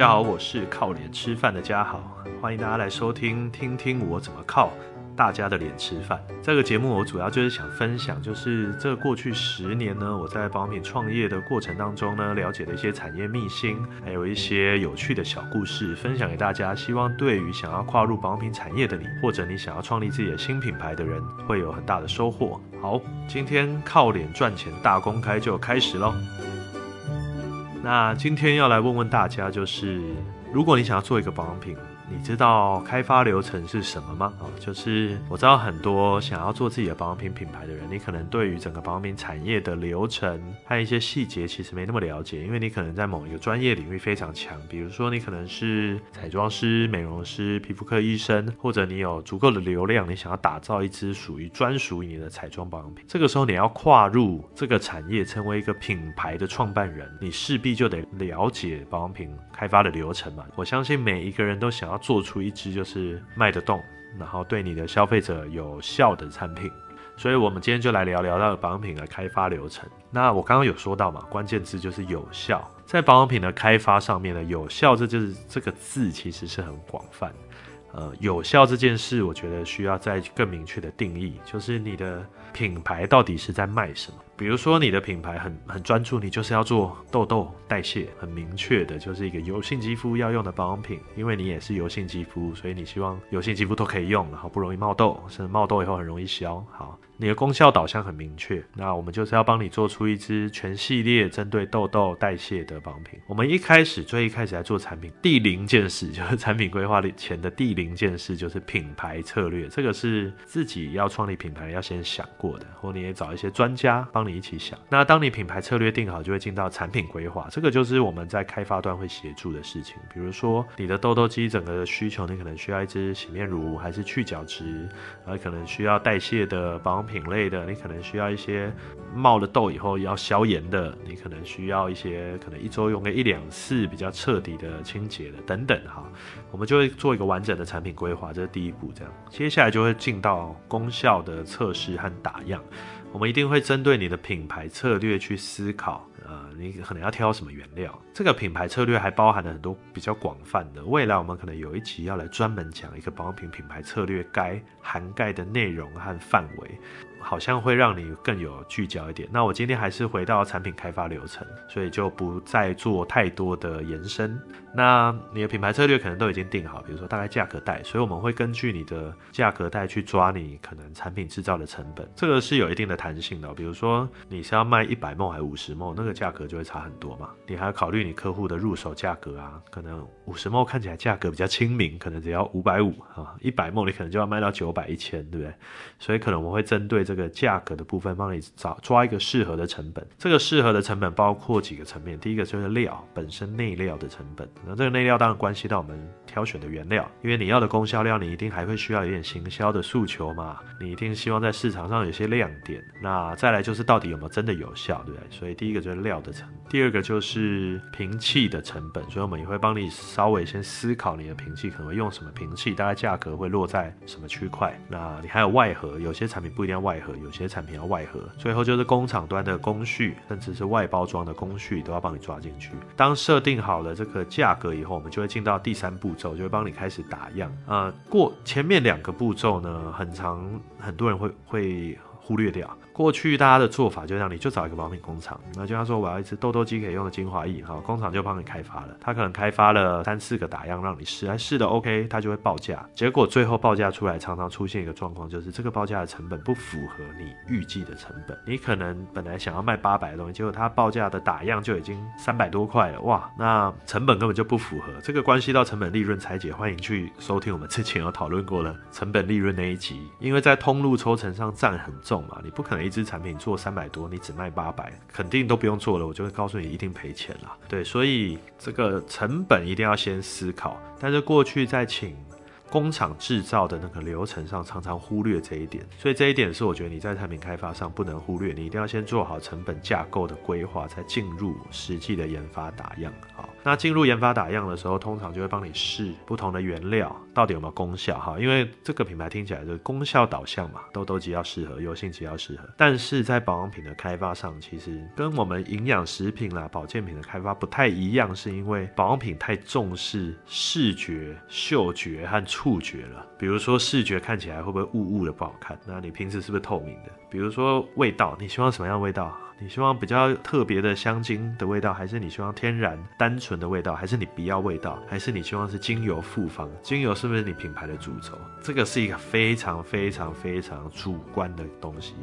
大家好，我是靠臉吃飯的嘉豪，歡迎大家來收聽，聽聽我怎麼靠大家的臉吃飯。這個節目我主要就是想分享，就是這過去十年呢，我在保養品創業的過程當中呢，了解的一些產業秘辛，還有一些有趣的小故事，分享給大家。希望對於想要跨入保養品產業的你，或者你想要創立自己的新品牌的人，會有很大的收穫。好，今天靠臉賺錢大公開就開始嘍。那今天要來問問大家，就是如果你想要做一個保養品。你知道開發流程是什麼嗎？嗯，就是我知道很多想要做自己的保養品品牌的人，你可能對於整個保養品產業的流程和一些細節其實沒那麼了解，因為你可能在某一個專業領域非常強，比如說你可能是彩妝師、美容師、皮膚科醫生，或者你有足夠的流量，你想要打造一支屬於專屬於你的彩妝保養品。這個時候你要跨入這個產業，成為一個品牌的創辦人，你勢必就得了解保養品開發的流程嘛。我相信每一個人都想要。做出一支就是賣得動，然後對你的消費者有效的產品，所以我們今天就來聊聊到保養品的開發流程。那我剛剛有說到嘛，關鍵字就是有效，在保養品的開發上面呢，有效這就是這個字其實是很廣泛。呃，有效這件事，我覺得需要再更明確的定義，就是你的品牌到底是在賣什麼。比如說你的品牌很很專注，你就是要做痘痘代謝，很明確的，就是一個油性肌膚要用的保養品，因為你也是油性肌膚，所以你希望油性肌膚都可以用，然後不容易冒痘，甚至冒痘以後很容易消。好，你的功效導向很明確，那我們就是要幫你做出一支全系列針對痘痘代謝的保養品。我們一開始最一開始來做產品，第零件事就是產品規劃前的第零件事就是品牌策略，這個是自己要創立品牌要先想過的，或你也找一些專家幫你一起想。那當你品牌策略定好，就會進到產品規劃，這個就是我們在開發端會協助的事情。比如說，你的痘痘肌整個需求，你可能需要一支洗面乳，還是去角質，啊，可能需要代謝的保養品類的，你可能需要一些冒了痘以後要消炎的，你可能需要一些可能一周用個一兩次比較徹底的清潔的等等哈。我們就會做一個完整的產品規劃，這是第一步。這樣，接下來就會進到功效的測試和打樣。我們一定會針對你的品牌策略去思考，呃，你可能要挑什麼原料。這個品牌策略還包含了很多比較廣泛的，未來我們可能有一集要來專門講一個保養品品牌策略該涵蓋的內容和範圍。好像會讓你更有聚焦一點。那我今天還是回到產品開發流程，所以就不再做太多的延伸。那你的品牌策略可能都已經定好，比如說大概價格帶，所以我們會根據你的價格帶去抓你可能產品製造的成本，這個是有一定的彈性的哦。比如說你是要賣 100ml 還是 50ml，那個價格就會差很多嘛。你還要考慮你客戶的入手價格啊，可能 50ml 看起來價格比較親民，可能只要五百五啊，100ml 你可能就要賣到九百一千，對不對？所以可能我們會針對。這個價格的部分，幫你找抓一個適合的成本。這個適合的成本包括幾個層面，第一個就是料本身內料的成本。那這個內料當然關係到我們挑選的原料，因為你要的功效料，你一定還會需要一點行銷的訴求嘛，你一定希望在市場上有些亮點。那再來就是到底有沒有真的有效，對不對？所以第一個就是料的成本，第二個就是瓶器的成本。所以我們也會幫你稍微先思考你的瓶器可能會用什麼瓶器，大概價格會落在什麼區塊。那你還有外盒，有些產品不一定要外盒。有些產品要外盒，最後就是工廠端的工序，甚至是外包裝的工序都要幫你抓進去。當設定好了這個價格以後，我們就會進到第三步驟，就會幫你開始打樣。呃、嗯，過前面兩個步驟呢，很常，很多人會會忽略掉。過去大家的做法就像你就找一個保養品工廠，那就像說我要一支痘痘肌可以用的精華液，哈，工廠就幫你開發了。他可能開發了三四個打樣讓你試，哎試的 OK，他就會報價。結果最後報價出來，常常出現一個狀況，就是這個報價的成本不符合你預計的成本。你可能本來想要賣八百的東西，結果他報價的打樣就已經三百多塊了，哇，那成本根本就不符合。這個關係到成本利潤拆解，歡迎去收聽我們之前有討論過的成本利潤那一集，因為在通路抽成上佔很重嘛，你不可能。每一只產品做三百多，你只賣八百，肯定都不用做了。我就會告訴你，一定賠錢了。對，所以這個成本一定要先思考。但是過去再請。工廠製造的那個流程，上常常忽略這一點，所以這一點是我覺得你在產品開發上不能忽略，你一定要先做好成本架構的規劃，才進入實際的研發打樣。好，那進入研發打樣的時候，通常就會幫你試不同的原料到底有沒有功效。哈，因為這個品牌聽起來就是功效導向嘛，痘痘肌要適合，油性肌要適合。但是在保養品的開發上，其實跟我們營養食品啦、啊、保健品的開發不太一樣，是因為保養品太重視視覺、嗅覺和觸觸覺了，比如說視覺看起來會不會霧霧的不好看？那你平時是不是透明的？比如說味道，你希望什麼樣的味道？你希望比較特別的香精的味道，還是你希望天然單純的味道，還是你不要味道，還是你希望是精油複方？精油是不是你品牌的主軸？這個是一個非常非常非常主觀的東西，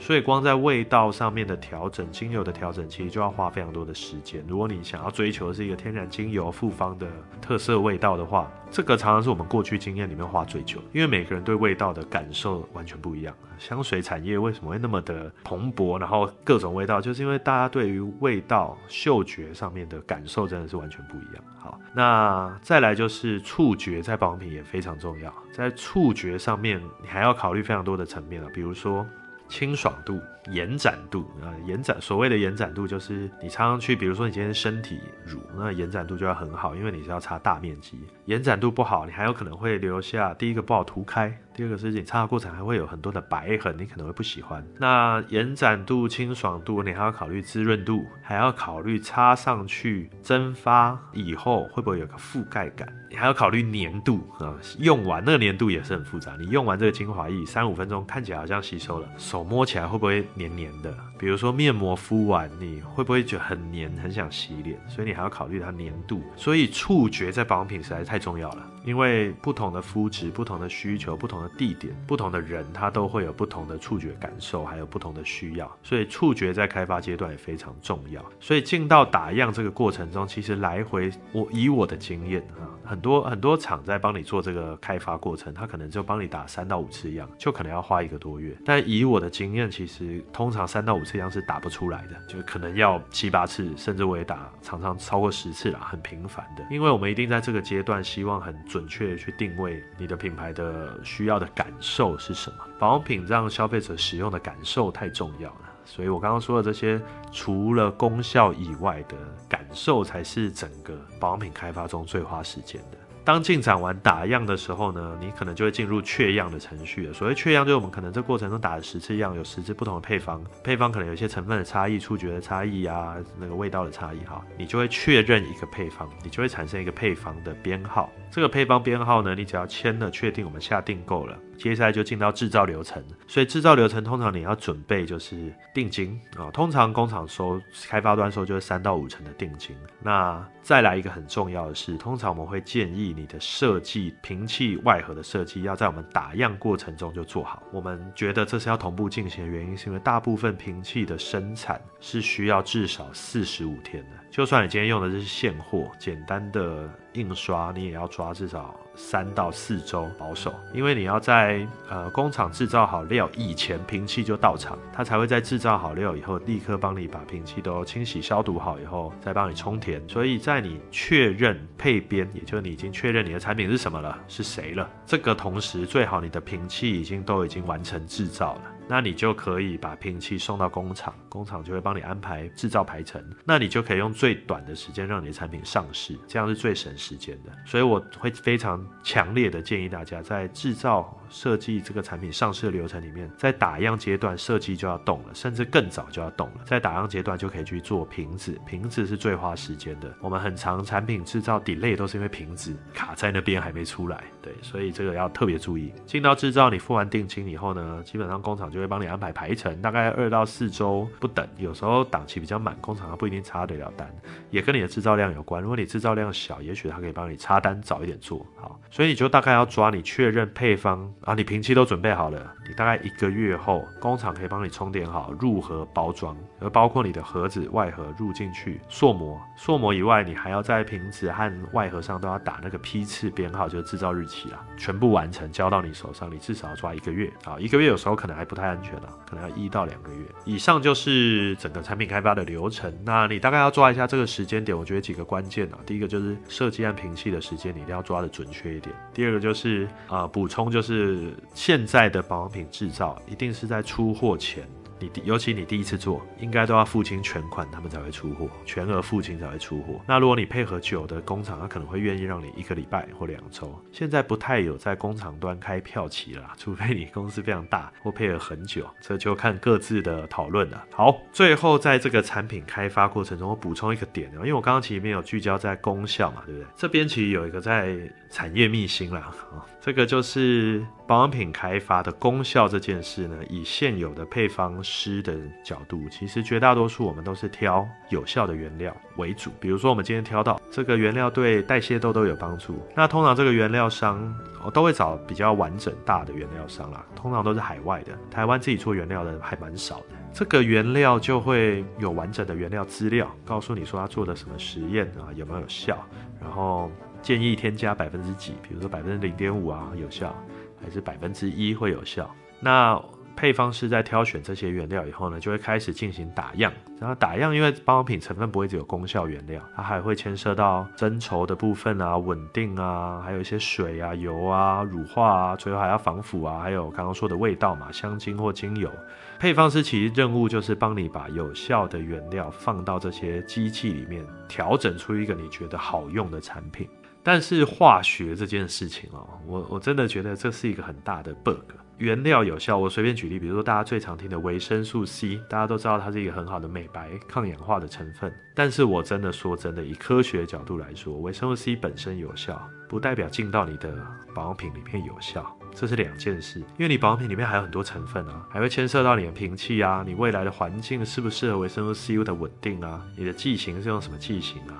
所以光在味道上面的調整，精油的調整，其實就要花非常多的時間。如果你想要追求是一個天然精油複方的特色味道的話，這個常常是我們過去經驗裡面花最久，因為每個人對味道的感受完全不一樣。香水產業為什麼會那麼的蓬勃？然後各種味道，就是因為大家對於味道嗅覺上面的感受真的是完全不一樣。好，那再來就是觸覺，在保養品也非常重要。在觸覺上面，你還要考慮非常多的層面啊，比如說清爽度、延展度啊，延展所謂的延展度就是你擦上去，比如說你今天身體乳，那延展度就要很好，因為你是要擦大面積，延展度不好，你還有可能會留下第一個不好塗開。第二個事情，擦的過程還會有很多的白痕，你可能會不喜歡。那延展度、清爽度，你還要考慮滋潤度，還要考慮擦上去蒸發以後會不會有個覆蓋感，你還要考慮粘度啊、嗯。用完那個粘度也是很複雜。你用完這個精華液三五分鐘，看起來好像吸收了，手摸起來會不會黏黏的？比如說面膜敷完，你會不會覺得很黏，很想洗臉？所以你還要考慮它黏度。所以觸覺在保養品實在是太重要了，因為不同的膚質、不同的需求、不同的地點、不同的人，他都會有不同的觸覺感受，還有不同的需要。所以觸覺在開發階段也非常重要。所以進到打樣這個過程中，其實來回我以我的經驗啊，很多很多廠在幫你做這個開發過程，他可能就幫你打三到五次樣，就可能要花一個多月。但以我的經驗，其實通常三到五。這樣是打不出來的，就可能要七八次，甚至我也打，常常超過十次啦，很頻繁的。因為我們一定在這個階段，希望很準確的去定位你的品牌的需要的感受是什麼？保養品讓消費者使用的感受太重要了，所以我剛剛說的這些，除了功效以外的感受，才是整個保養品開發中最花時間的。當進展完打樣的時候呢，你可能就會進入確樣的程序了。所謂確樣，就是我們可能這過程中打了十次樣，有十次不同的配方，配方可能有一些成分的差異、觸覺的差異啊，那個味道的差異哈，你就會確認一個配方，你就會產生一個配方的編號。這個配方編號呢，你只要簽了，確定我們下訂購了。接下來就進到製造流程，所以製造流程通常你要準備就是定金啊、哦，通常工廠收，開發端收就是三到五成的定金。那再來一個很重要的是，通常我們會建議你的設計，瓶器外盒的設計要在我們打樣過程中就做好。我們覺得這是要同步進行的原因，是因為大部分瓶器的生產是需要至少四十五天的。就算你今天用的是現貨，簡單的印刷，你也要抓至少三到四周保守，因為你要在呃工廠製造好料以前，瓶器就到廠，他才會在製造好料以後，立刻幫你把瓶器都清洗消毒好以後，再幫你充填。所以在你確認配邊，也就是你已經確認你的產品是什麼了，是誰了，這個同時最好你的瓶器已經都已經完成製造了。那你就可以把瓶器送到工廠，工廠就會幫你安排製造排程，那你就可以用最短的時間讓你的產品上市，這樣是最省時間的。所以我會非常強烈的建議大家在製造。設計這個產品上市的流程裡面，在打樣階段設計就要動了，甚至更早就要動了。在打樣階段就可以去做瓶子，瓶子是最花時間的。我們很常產品製造 delay 都是因為瓶子卡在那邊還沒出來。對，所以這個要特別注意。進到製造，你付完定金以後呢，基本上工廠就會幫你安排排程，大概二到四週不等。有時候檔期比較滿，工廠它不一定插得了單，也跟你的製造量有關。如果你製造量小，也許它可以幫你插單早一點做好。所以你就大概要抓你確認配方，啊，你瓶器都準備好了，你大概一個月後，工廠可以幫你充點好入盒包裝，而包括你的盒子外盒入進去，塑膜。塑膜以外，你還要在瓶子和外盒上都要打那個批次編號，就是製造日期啦。全部完成交到你手上，你至少要抓一個月啊，一個月有時候可能還不太安全啦，可能要一到兩個月。以上就是整個產品開發的流程。那你大概要抓一下這個時間點，我覺得幾個關鍵啊，第一個就是設計和瓶器的時間，你一定要抓的準確一點，第二個就是啊，呃、補充就是。現在的保養品製造一定是在出貨前。你尤其你第一次做，應該都要付清全款，他們才會出貨，全額付清才會出貨。那如果你配合久的工廠，他可能會願意讓你一個禮拜或兩周。現在不太有在工廠端開票期了啦，除非你公司非常大或配合很久，這就看各自的討論了。好，最後在這個產品開發過程中，我補充一個點啊，因為我剛剛其實沒有聚焦在功效嘛，對不對？這邊其實有一個在產業秘辛啦，哦，這個就是保養品開發的功效這件事呢，以現有的配方。吃的角度，其實絕大多數我們都是挑有效的原料為主。比如說，我們今天挑到這個原料對代謝痘痘有幫助，那通常這個原料商我、哦、都會找比較完整大的原料商啦，通常都是海外的，台灣自己做原料的還蠻少的。這個原料就會有完整的原料資料，告訴你說它做的什麼實驗啊，有沒有有效，然後建議添加百分之幾，比如說百分之零點五啊有效，還是百分之一會有效，那。配方師在挑選這些原料以後呢，就會開始進行打樣。然後打樣，因為保養品成分不會只有功效原料，它還會牽涉到增稠的部分啊、穩定啊，還有一些水啊、油啊、乳化啊，最後還要防腐啊，還有剛剛說的味道嘛，香精或精油。配方師其實任務就是幫你把有效的原料放到這些機器裡面，調整出一個你覺得好用的產品。但是化學這件事情哦，我我真的覺得這是一個很大的 bug。原料有效，我隨便舉例，比如說大家最常聽的維生素 C，大家都知道它是一個很好的美白、抗氧化的成分。但是我真的說真的，以科學的角度來說，維生素 C 本身有效，不代表進到你的保養品裡面有效，這是兩件事。因為你保養品裡面還有很多成分啊，還會牽涉到你的瓶器啊，你未來的環境適不適合維生素 C U 的穩定啊，你的劑型是用什麼劑型啊？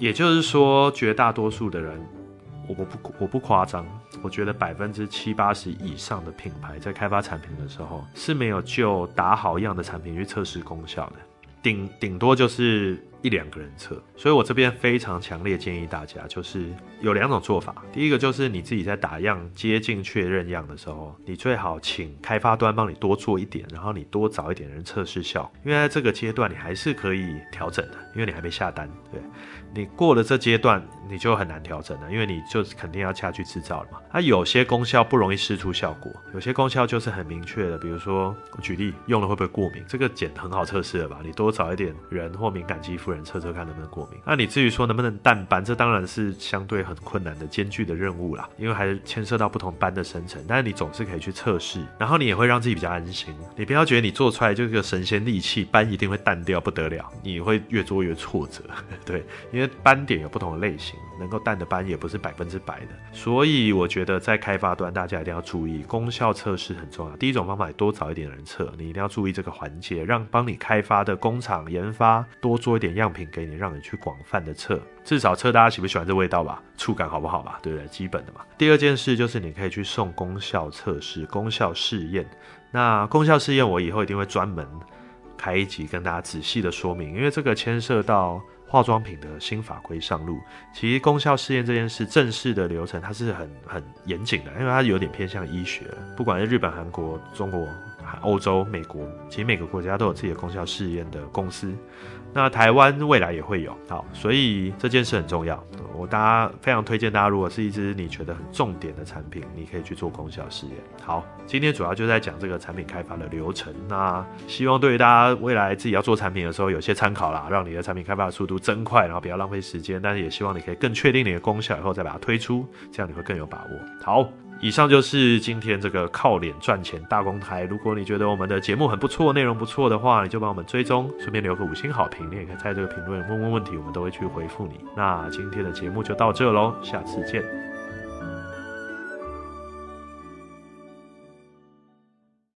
也就是說，絕大多數的人。我不我不誇張，我覺得百分之七八十以上的品牌在開發產品的時候是沒有就打好樣的產品去測試功效的，頂頂多就是一兩個人測。所以我這邊非常強烈建議大家，就是有兩種做法。第一個就是你自己在打樣、接近確認樣的時候，你最好請開發端幫你多做一點，然後你多找一點人測試效，因為在這個階段你還是可以調整的，因為你還沒下單，對。你過了這階段，你就很難調整了，因為你就肯定要下去製造了嘛。它、啊、有些功效不容易試出效果，有些功效就是很明確的，比如說我舉例用了會不會過敏，這個檢很好測試的吧？你多找一點人或敏感肌膚人測測看能不能過敏。那、啊、你至於說能不能淡斑，這當然是相對很困難的艱巨的任務啦，因為還牽涉到不同斑的生成，但是你總是可以去測試，然後你也會讓自己比較安心。你不要覺得你做出來就是個神仙利器，斑一定會淡掉不得了，你會越做越挫折，對，因為斑點有不同的類型，能夠淡的斑也不是百分之百的，所以我覺得在開發端大家一定要注意，功效測試很重要。第一種方法也多找一點人測，你一定要注意這個環節，讓幫你開發的工廠研發多做一點樣品給你，讓你去廣泛的測，至少測大家喜不喜歡這味道吧，觸感好不好吧，對不對？基本的嘛。第二件事就是你可以去送功效測試、功效試驗。那功效試驗我以後一定會專門開一集跟大家仔細的說明，因為這個牽涉到。化妝品的新法規上路，其實功效試驗這件事，正式的流程它是很很嚴謹的，因為它有點偏向醫學。不管是日本、韓國、中國、歐洲、美國，其實每個國家都有自己的功效試驗的公司。那台灣未來也會有，好，所以這件事很重要。我大家非常推薦大家，如果是一支你覺得很重點的產品，你可以去做功效試驗。好，今天主要就在講這個產品開發的流程，那希望對於大家未來自己要做產品的時候，有些參考啦，讓你的產品開發的速度增快，然後不要浪費時間。但是也希望你可以更確定你的功效以後再把它推出，這樣你會更有把握。好。以上就是今天這個靠臉賺錢大公開。如果你覺得我們的節目很不錯，內容不錯的話，你就幫我們追蹤，順便留個五星好評。你也可以在這個評論問問問題，我們都會去回復你。那今天的節目就到這嘍，下次見。